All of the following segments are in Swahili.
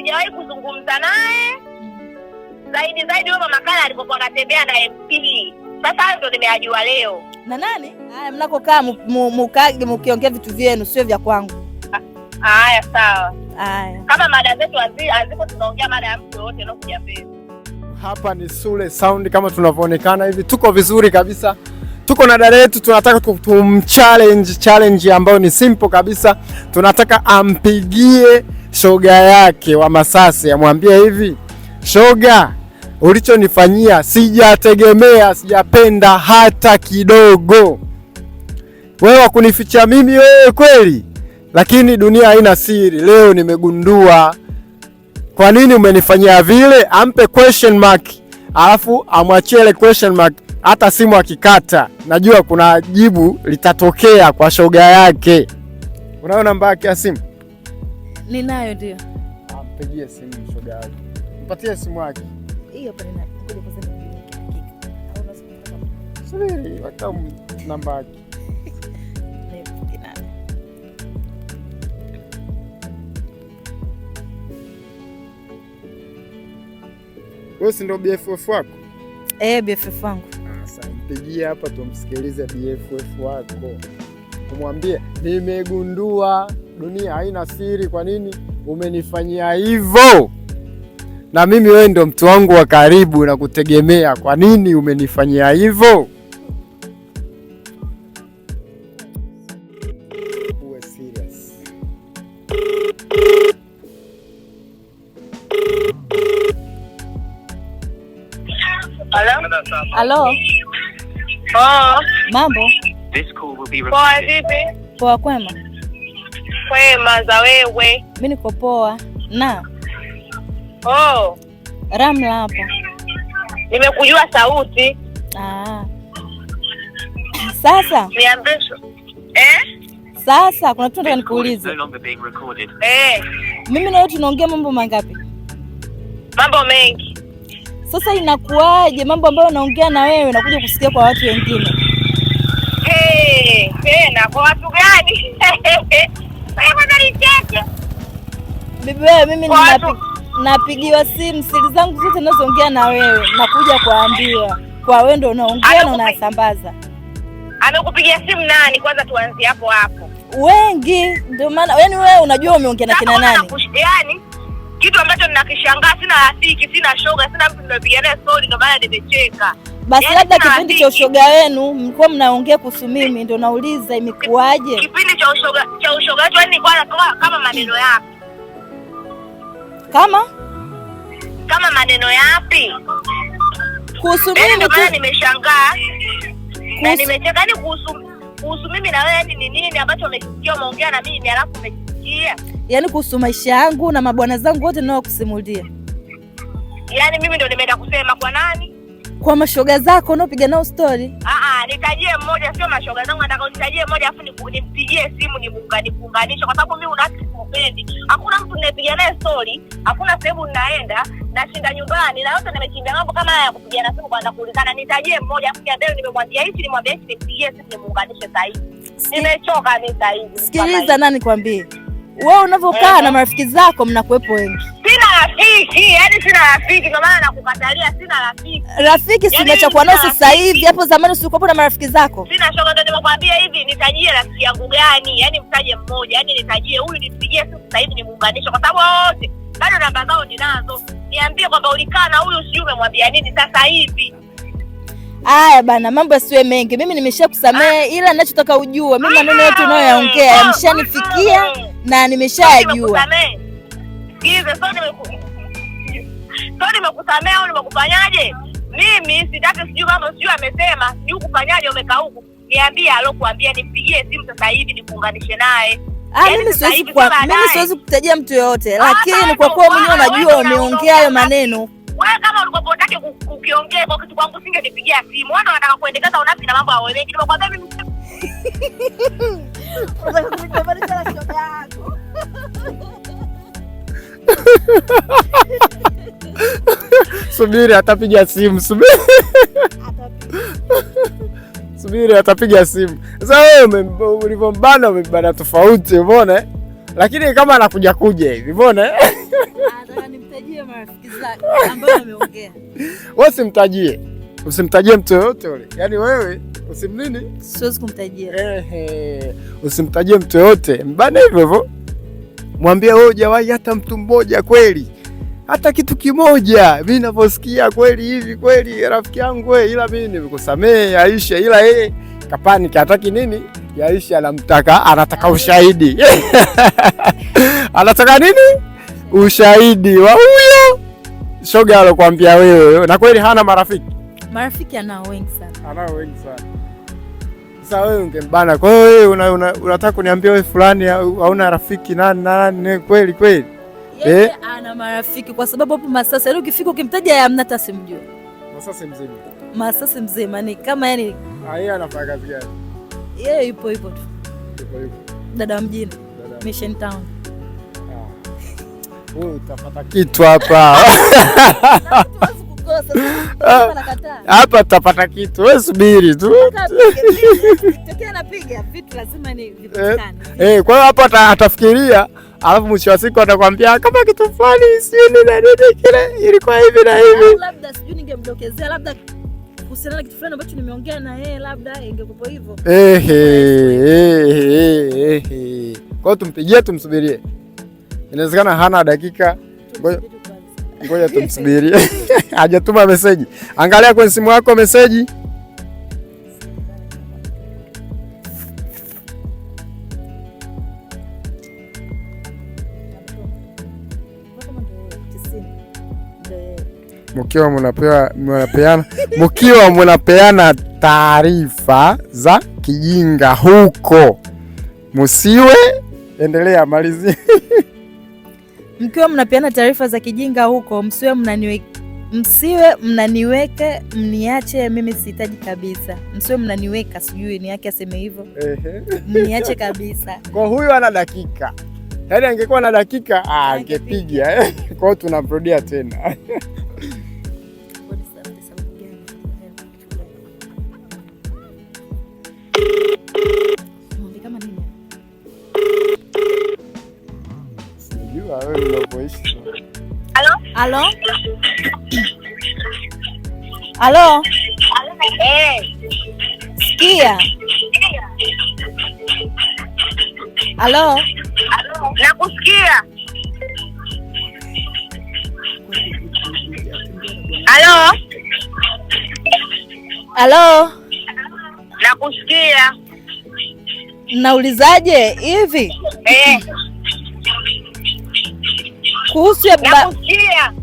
sijawahi kuzungumza naye zaidi zaidi. Huyo mama Kala alikokuwa anatembea na MP, sasa ndo nimeajua leo. Na nani? Haya, mnakokaa mukage mukiongea vitu vyenu, sio vya kwangu. Haya, sawa. Haya, kama mada zetu haziko, tunaongea mada ya mtu yoyote anaokuja mbele. Hapa ni Sule Sound, kama tunavyoonekana hivi, tuko vizuri kabisa tuko na dada yetu, tunataka tumchallenge challenge ambayo ni simple kabisa, tunataka ampigie shoga yake wa Masasi amwambia hivi, shoga, ulichonifanyia sijategemea, sijapenda hata kidogo. Wewe wakunificha mimi wewe kweli, lakini dunia haina siri. Leo nimegundua kwa nini umenifanyia vile. Ampe question mark, alafu amwachie ile question mark. Hata simu akikata, najua kuna jibu litatokea kwa shoga yake. Unayo namba yake ya simu? Ninayo ndio. Ampigie simu shoga yake. Mpatie simu yake. Hiyo pale na kuja kwa sababu ya hakika. Subiri, weka namba yake. Wewe si ndo BFF wako? Eh, BFF wangu. Sasa mpigie hapa tumsikilize BFF wako. Kumwambie nimegundua dunia haina siri. Kwa nini umenifanyia hivyo? Na mimi wewe ndo mtu wangu wa karibu na kutegemea. Kwa nini umenifanyia hivyo? Uwe Halo? Oh. Mambo? Poa, vipi? Poa, kwema kwema za wewe? Mimi niko poa. Na oh, Ramla hapa. Nimekujua sauti. Ah. Sasa niambie eh? Sasa kuna kitu nataka nikuulize. Eh. Mimi na wewe tunaongea mambo mangapi? Mambo mengi. Sasa inakuwaje mambo ambayo naongea na wewe nakuja kusikia kwa watu wengine? Hey, hey, na kwa watu gani? Bibi wewe, mimi napigiwa simu, siri zangu zote nazoongea na wewe nakuja kuambia kwa wewe, ndo unaongea na unasambaza. Amekupigia simu nani? Kwanza tuanzie hapo hapo. Wengi ndio maana yani, wewe unajua umeongea na kina nani? Yani kitu ambacho ninakishangaa, sina rafiki, sina shoga, sina mtu ninapiga naye story, ndio maana nimecheka. Basi yaani labda kipindi cha ushoga wenu mlikuwa mnaongea kuhusu mimi, ndio nauliza imekuwaje? Kipindi cha ushoga cha ushoga wetu, yani kwa kama maneno yapi? Kama kama maneno yapi? Kuhusu yaani mimi Ndio maana nimeshangaa na nimecheka, ni yaani kuhusu kuhusu mimi na wewe, Yani ni nini ambacho umekisikia umeongea na mimi alafu umekisikia? Yaani kuhusu maisha yangu na mabwana zangu wote ninao kusimulia. Yaani mimi ndio nimeenda kusema kwa nani? kwa mashoga zako unaopiga nao stori? Ah, ah, nitajie mmoja, sio mashoga zangu, nataka nitajie mmoja afu nimpigie simu nikuunganisha, kwa sababu mimi unafiki sipendi. Hakuna mtu ninayepiga naye stori, hakuna sehemu ninaenda, nashinda nyumbani na yote nimechimbia mambo kama haya ya kupiga na simu kwanza kuulizana. Nitajie mmoja afu kiambele, nimemwambia hichi, nimwambia hichi, nimpigie simu nimuunganishe saa Nimechoka mimi saa Sikiliza, nani kwambie wewe, unavyokaa eh, na eh. marafiki zako mnakuwepo wengi Ishi, yani sina rafiki ndio maana nakukatalia, sina rafiki. Rafiki yaani nao sasa hivi. Hapo zamani usilikuwa na marafiki zako. Sina shoga ndio nimekwambia hivi, nitajie rafiki yangu gani? Yani mtaje mmoja, yani nitajie huyu nipigie sasa hivi nimuunganishe kwa sababu wote bado namba zao ninazo. Niambie kwamba ulikaa na huyu sijui umemwambia nini sasa hivi. Aya bana, mambo yasiwe mengi. Mimi nimeshakusamehe, ah. ila ninachotaka ujue mimi maneno yote unayoyaongea yameshanifikia na ah. Ah. nimeshayajua. yajua so nimekusamea au nimekufanyaje? Mimi sitaki sijui kama sijui amesema sijui kufanyaje, umekaa huku niambie alokuambia, nimpigie simu sasa hivi nikuunganishe naye. Ah, yaani mimi siwezi kwa mimi siwezi kutajia mtu yoyote, lakini kwa kuwa mwenyewe unajua umeongea hayo maneno. Wewe kama ulikuwa unataka kukiongea kwa kitu kwangu singenipigia simu. Wewe unataka kuendeleza unafiki na mambo haeleweki. Nimekwambia mimi Subiri atapiga simu, subiri subiri atapiga simu. Sasa wewe ulivyombana, umembana tofauti, umeona? Lakini kama anakuja kuja hivi, umeona? Wewe simtajie, usimtajie mtu yoyote yule, yaani wewe usimnini siwezi kumtajia. usimtajie mtu yoyote, mbana hivyo hivyo, mwambie wewe hujawahi hata mtu mmoja kweli hata kitu kimoja. Mi navyosikia kweli hivi kweli, rafiki yangu we, ila mi nimekusamehe Aisha, ila yeye kapani kataki nini Aisha anamtaka, anataka ushahidi anataka nini? Ushahidi wa huyo shoga alokuambia wewe. Na kweli hana marafiki, marafiki anao wengi sana, anao wengi sana. Sasa wewe ungembana. Kwa hiyo wewe unataka kuniambia wewe fulani hauna rafiki nani nani? Kweli kweli eh, ana marafiki kwa sababu hapo Masasi leo yaani ukifika ukimtaja ya mnata simjua. Masasi mzima. Masasi mzima ni kama yani. Ah, yeye anafanya kazi gani? Yeye yupo yupo tu. Yupo yupo, Dada mjini. Mission Town. Ah. Wewe utapata kitu hapa. Ah. Hapa tutapata kitu, we subiri tu. Eh. Eh, kwa hiyo hapa atafikiria alafu mwisho wa siku atakwambia kama kitu fulani sijui nini na nini, kile ilikuwa hivi na hivi, labda sijui ningemdokezea labda kuhusiana na kitu fulani ambacho nimeongea na yeye, labda ingekuwa hivyo. Ehe, kwa hiyo tumpigie, tumsubirie, inawezekana hana dakika. Ngoja tumsubirie, hajatuma meseji. Angalia kwenye simu yako meseji. mkiwa mnapewa mnapeana mkiwa mnapeana taarifa za kijinga huko, msiwe endelea, malizia mkiwa mnapeana taarifa za kijinga huko, msiwe mnaniwe msiwe mnaniweke, mniache mimi, sihitaji kabisa. Msiwe mnaniweka, sijui ni yake aseme hivyo, mniache kabisa. Kwa huyu ana dakika, yaani angekuwa na dakika angepiga. kwao tunamrudia tena Halo? Halo? Eh. Sikia. Halo? Nakusikia. Halo? Halo? Nakusikia. Naulizaje hivi? Eh kuhusu ya ba...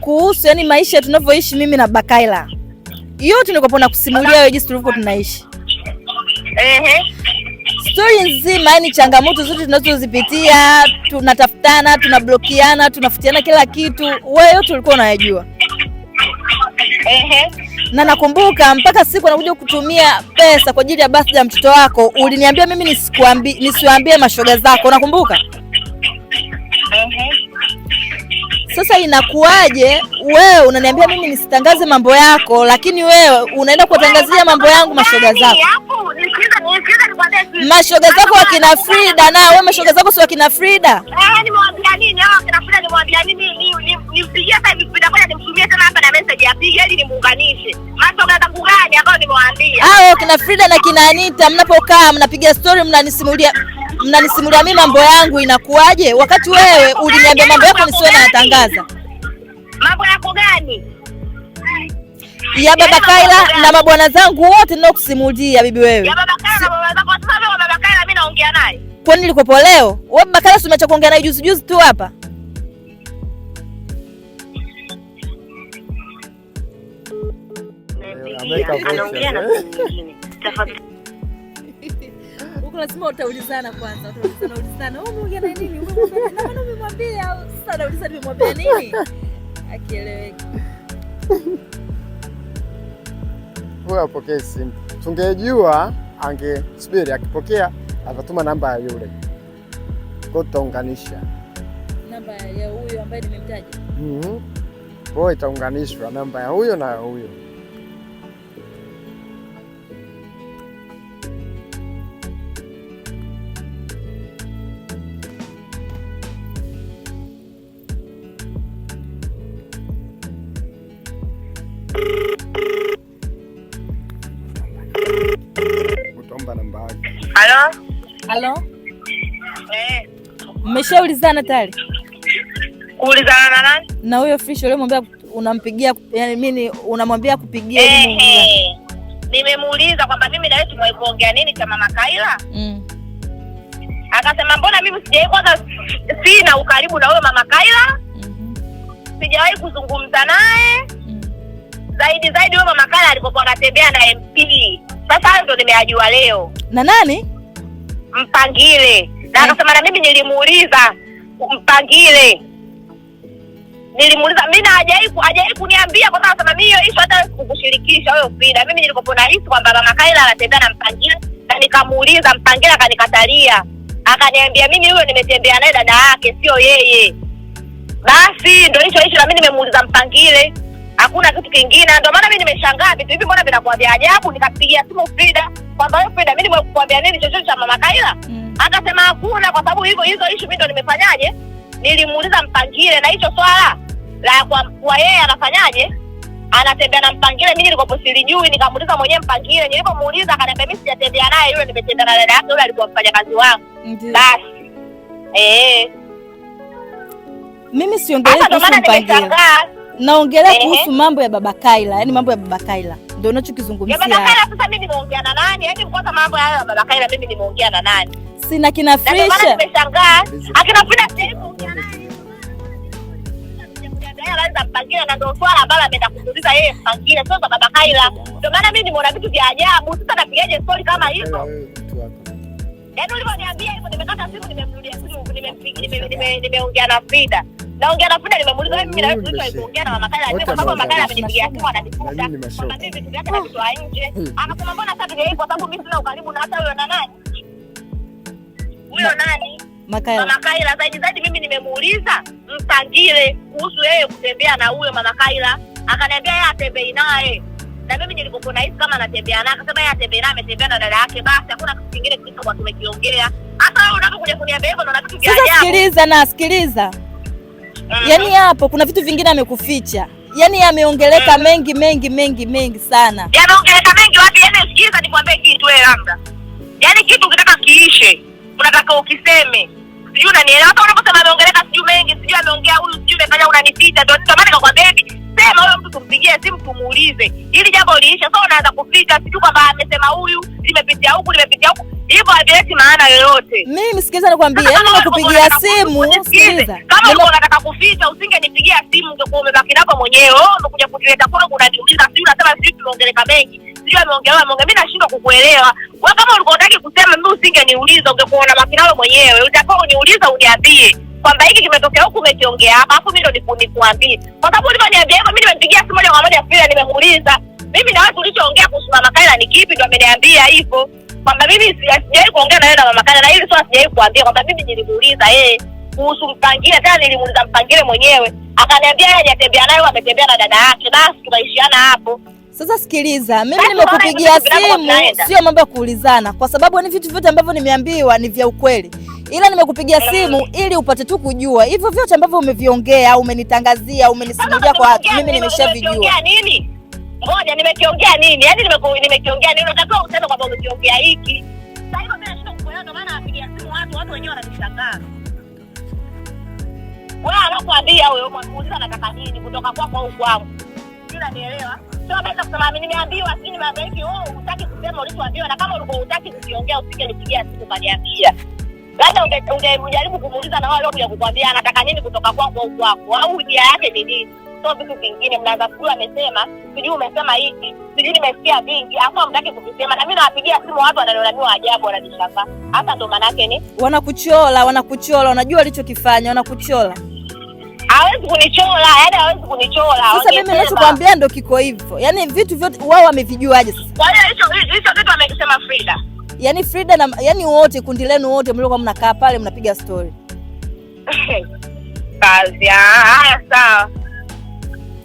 kuhusu yani maisha tunavyoishi mimi na Bakaila yote nilikuwa kusimulia wewe jinsi tulivyokuwa tunaishi ehe, Story nzima, yani changamoto zote tunazozipitia, tunatafutana, tunablokiana, tunafutiana kila kitu, wewe yote ulikuwa unayajua ehe. Na nakumbuka mpaka siku anakuja kutumia pesa kwa ajili ya birthday ya mtoto wako, uliniambia mimi nisiwaambie mashoga zako, Unakumbuka? Sasa inakuwaje wewe unaniambia mimi nisitangaze mambo yako, lakini wewe unaenda kuwatangazia mambo yangu mashoga yaani zako mashoga zako wakina yaani Frida na wewe mashoga zako si wakina Frida? Eh, Frida? na Frida na kina Anita, mnapokaa mnapiga story, mnanisimulia mnanisimulia mimi mambo yangu inakuwaje, wakati wewe uliniambia mambo yako nisiwe nayatangaza. Mambo yako gani? ya baba yaani Kaila na mabwana zangu wote ninaokusimulia bibi wewe. nini nilikuwepo leo? Wewe baba Kaila umeacha kuongea naye juzi juzi tu hapa lazima utaulizana kwanza, utaulizana ulizana, wewe unaongea na nini? Wewe umemwambia sasa, anaulizana nimemwambia nini? Akieleweki. Wewe apokee simu. Tungejua ange angesubiri, akipokea atatuma namba ya yule. Kwa tutaunganisha namba ya huyo ambaye nimemtaja. Mhm. Kwa itaunganishwa namba ya huyo na ya huyo. Utaomba namba yake. Halo? Halo? Mmeshaulizana eh. tayari? Kuulizana na nani? Na huyo fish ulimwambia unampigia yani mimi unamwambia kupigia hey, hey. Nimemuuliza kwamba mimi na wewe tumewahi kuongea nini cha mama Kaila? Mm. Akasema mbona mimi sijawahi kwanza sina ukaribu na huyo mama Kaila? Mm -hmm. Sijawahi kuzungumza naye zaidi zaidi huyo mama Kala alipokuwa anatembea na MP. Sasa hayo ndo nimeajua leo. Na nani? Mpangile. Na akasema na mimi nilimuuliza Mpangile. Nilimuuliza mimi na hajaiku hajaiku niambia kwa sababu mimi hiyo issue hata kukushirikisha wewe upida. Mimi na issue kwamba mama Kala anatembea na Mpangile na nikamuuliza Mpangile akanikatalia. Akaniambia mimi huyo nimetembea naye dada yake sio yeye. Basi ndio hicho hicho na mimi nimemuuliza Mpangile hakuna kitu kingine. Ndio maana mimi nimeshangaa vitu hivi, mbona vinakuwa vya ajabu? Nikapigia simu Frida kwamba wewe Frida, mimi nimekuambia nini chochote cha mama Kaila? mm. akasema hakuna, kwa sababu hivyo hizo issue mimi ndo nimefanyaje, nilimuuliza Mpangile na hicho swala la kwa, kwa yeye anafanyaje anatembea na Mpangile, mimi nilikuwa silijui, nikamuuliza mwenyewe Mpangile. Nilipomuuliza akaniambia mimi sijatembea naye yule, nimetembea na dada yake yule, alikuwa mfanya kazi wangu. Basi eh, mimi siongelee kuhusu Mpangile naongelea eh, kuhusu mambo ya baba Kaila, yani mambo ya baba Kaila ndio unachokizungumzia. Baba Kaila sasa mimi nimeongea na nani? Yaani kwanza mambo hayo ya baba Kaila mimi nimeongea na nani? Sina kina Frisha. Nimeshangaa. Akina Frisha nimeongea naye. Anaanza kupangia na ndio swala ambalo ameenda kuuliza yeye mpangie, sio baba Kaila. Ndio maana mimi nimeona vitu vya ajabu. Sasa napigaje story kama hizo? Yaani ulivyoniambia hivyo nimekata simu nimemrudia simu nimeongea na Frida. Naongea na Frida nimemuuliza wewe mimi na wewe tulikuwa tunaongea na Makala kwa sababu Makala amenipigia simu ananifuta. Kama mimi vitu vyake navitoa nje. Hmm. Akasema mbona sasa ndio kwa sababu mimi sina ukaribu na hata wewe na nani? Huyo nani? Makaila. Mama zaidi zaidi mimi nimemuuliza Msangile kuhusu yeye kutembea na huyo Mama Kaila. Akaniambia yeye atembei naye na mimi nilikuwa na hisi kama anatembea naye, akasema yeye atembea naye, ametembea na dada yake, basi hakuna kitu kingine kilichokuwa tumekiongea. Hata wewe unapokuja kuniambia hivyo, unaona vitu vya ajabu. Sasa sikiliza na sikiliza, Mm. yaani hapo kuna vitu vingine amekuficha, yaani ameongeleka yameongeleka mm. mengi mengi mengi mengi sana, yameongeleka mengi wapi? Yaani sikiliza, nikwambie kitu wewe, labda yaani kitu ukitaka kiishe, unataka ukiseme sijui unanielewa. Hata unaposema ameongeleka sijui mengi, sijui ameongea huyu, sijui umefanya, unanipita. Ndio maana nikakwambia hivi, sema wewe tumpigie simu tumuulize hili jambo liisha. So unaanza kufika si tu kwamba amesema huyu, limepitia huku limepitia huku, hivyo havileti maana yoyote. Mimi sikiliza, nikwambie, yani nakupigia simu. Sikiliza, kama yaani ulikuwa unataka kuficha usingenipigia simu, ungekuwa umebaki napo mwenyewe. Wewe oh, umekuja kutuleta kwa kunaniuliza, si unasema sisi tumeongeleka mengi, sijui ameongelewa ameongea, mimi nashindwa kukuelewa. Wewe kama ulikuwa kusema, mimi usingeniuliza, ungekuwa unabaki mwenyewe. Utakuwa uniuliza uniambie kwamba hiki kimetokea huku umekiongea hapa, alafu mi ndo nikuambie. Kwa sababu ulivyoniambia hivyo, mi nimempigia simu moja kwa moja Frida, nimemuuliza mimi na watu ulichoongea kuhusu Mama ni kipi, ndo ameniambia hivyo kwamba mimi sijai kuongea na na Mama Kayla, na hili swala sijawahi kuambia kwamba mimi nilimuuliza yeye kuhusu Mpangile, tena nilimuuliza Mpangile mwenyewe akaniambia yeye ajatembea naye, ametembea na dada yake, basi tunaishiana hapo. Sasa sikiliza, mimi nimekupigia simu, sio mambo ya kuulizana, kwa sababu ni vitu vyote ambavyo nimeambiwa ni vya ukweli ila nimekupigia simu ili upate tu kujua hivyo vyote ambavyo umeviongea, umenitangazia, umenisimulia kwa watu, mimi nimeshavijua nini. Ngoja, nimekiongea nini? Yaani nimekiongea nini? Unataka useme kwamba umekiongea hiki. Sasa hivyo mimi nashinda kuelewa, ndio maana napigia simu watu, watu wenyewe wananishangaa. Wewe anakuambia wewe unamuuliza anataka nini kutoka kwako au kwangu? Bila nielewa. Sio basi kusema mimi nimeambiwa, sisi nimeambiwa hiki, wewe oh, unataka kusema ulichoambiwa na kama ulikuwa unataka kukiongea usije nipigia simu kaniambia labda ungejaribu kumuuliza na wale kukwambia anataka nini kutoka kwangu au kwako, au njia yake ni nini, sio vitu vingine. Mnaanza kujua, amesema sijui, umesema hivi sijui, nimesikia vingi, afu mtaki kuvisema. Na mimi nawapigia simu watu wananiona ajabu, wananishangaa. Hapa ndo maana yake ni wanakuchola, wanakuchola, wanajua walichokifanya, wanakuchola. Hawezi kunichola, yani hawezi kunichola. Sasa mimi ninachokwambia ndo kiko hivyo, yaani vitu vyote wao wamevijuaje? Sasa kwa hiyo hicho hicho kitu amekisema Frida yani Frida na yani wote kundi lenu wote mlikuwa mnakaa pale mnapiga story kazi. Ah, haya, sawa.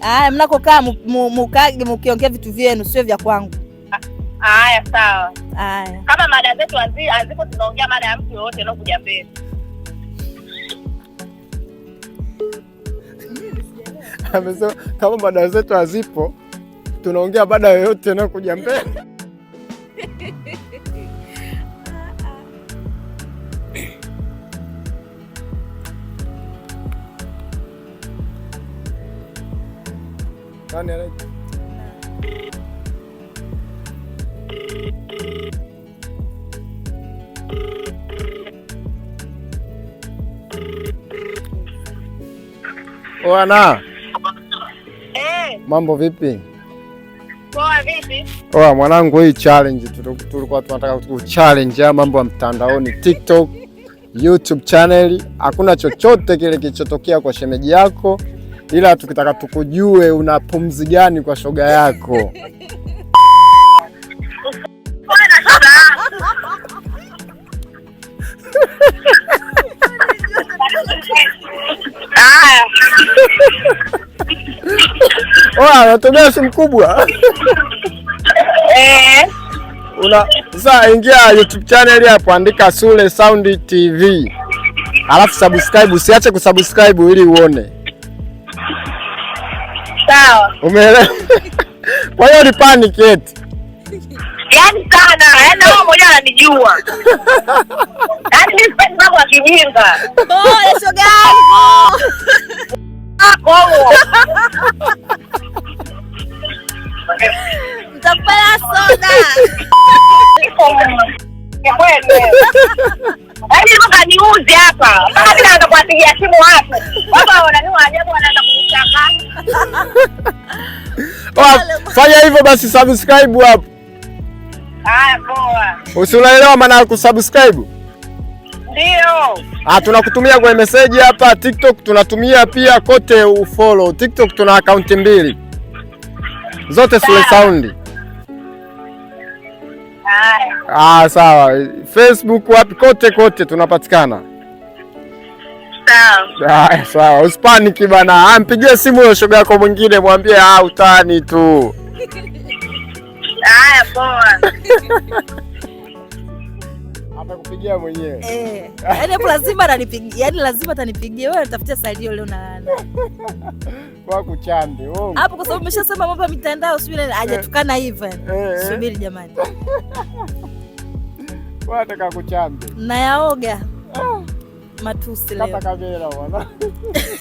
Haya, mnakokaa mukage mukiongea vitu vyenu, sio vya kwangu. Ah, haya, sawa. Haya, kama mada zetu haziko, tunaongea mada ya mtu yoyote kuja mbele. Amesema kama mada zetu hazipo, tunaongea mada yoyote anaokuja mbele. Bwana eh. mambo vipi? Poa vipi? Poa mwanangu, hii challenge tulikuwa tunataka ku challenge ya mambo ya mtandaoni TikTok, YouTube channel. Hakuna chochote kile kilichotokea kwa shemeji yako, ila tukitaka tukujue una pumzi gani kwa shoga yako anatolewa ah. simu kubwa. eh. Una sasa ingia YouTube channel hapo, andika Sule Sound TV alafu subscribe, usiache kusubscribe ili uone. Sawa, umeelewa? Kwa hiyo ni panic yet. yaani sana, yaani wewe mwenyewe ananijua, yaani sipendi mambo ya kijinga. Pole shoga yangu ako mtakupela soda yaani mpaka niuze hapa, mpaka mimi naanza kuwapigia simu watu, watu wanani waajabu, wanaanza kunitaka. Fanya hivyo basi, subscribe hapo. Haya poa. Usiunaelewa maana ya kusubscribe? Ndio. Ah, tunakutumia kwa message hapa TikTok tunatumia pia kote ufollow. TikTok tuna akaunti mbili. Zote Sule Sound. Ah, sawa. Facebook wapi kote kote tunapatikana. Sawa. Ah, sawa. Usipaniki bana. Ah, mpigie simu yo shoga yako mwingine mwambie ah, utani tu. Haya, poa. Atakupigia mwenyewe. Eh, yaani hapo lazima ananipigia. Yaani lazima atanipigia. Wewe unatafutia salio leo na kwa kuchande. Wewe. Oh. Hapo kwa sababu umeshasema mambo ya mitandao sio nani eh. hajatukana even. Eh, eh. Subiri jamani. Wewe ataka kuchande. Na yaoga. Ah. Matusi leo. Kata kamera bwana.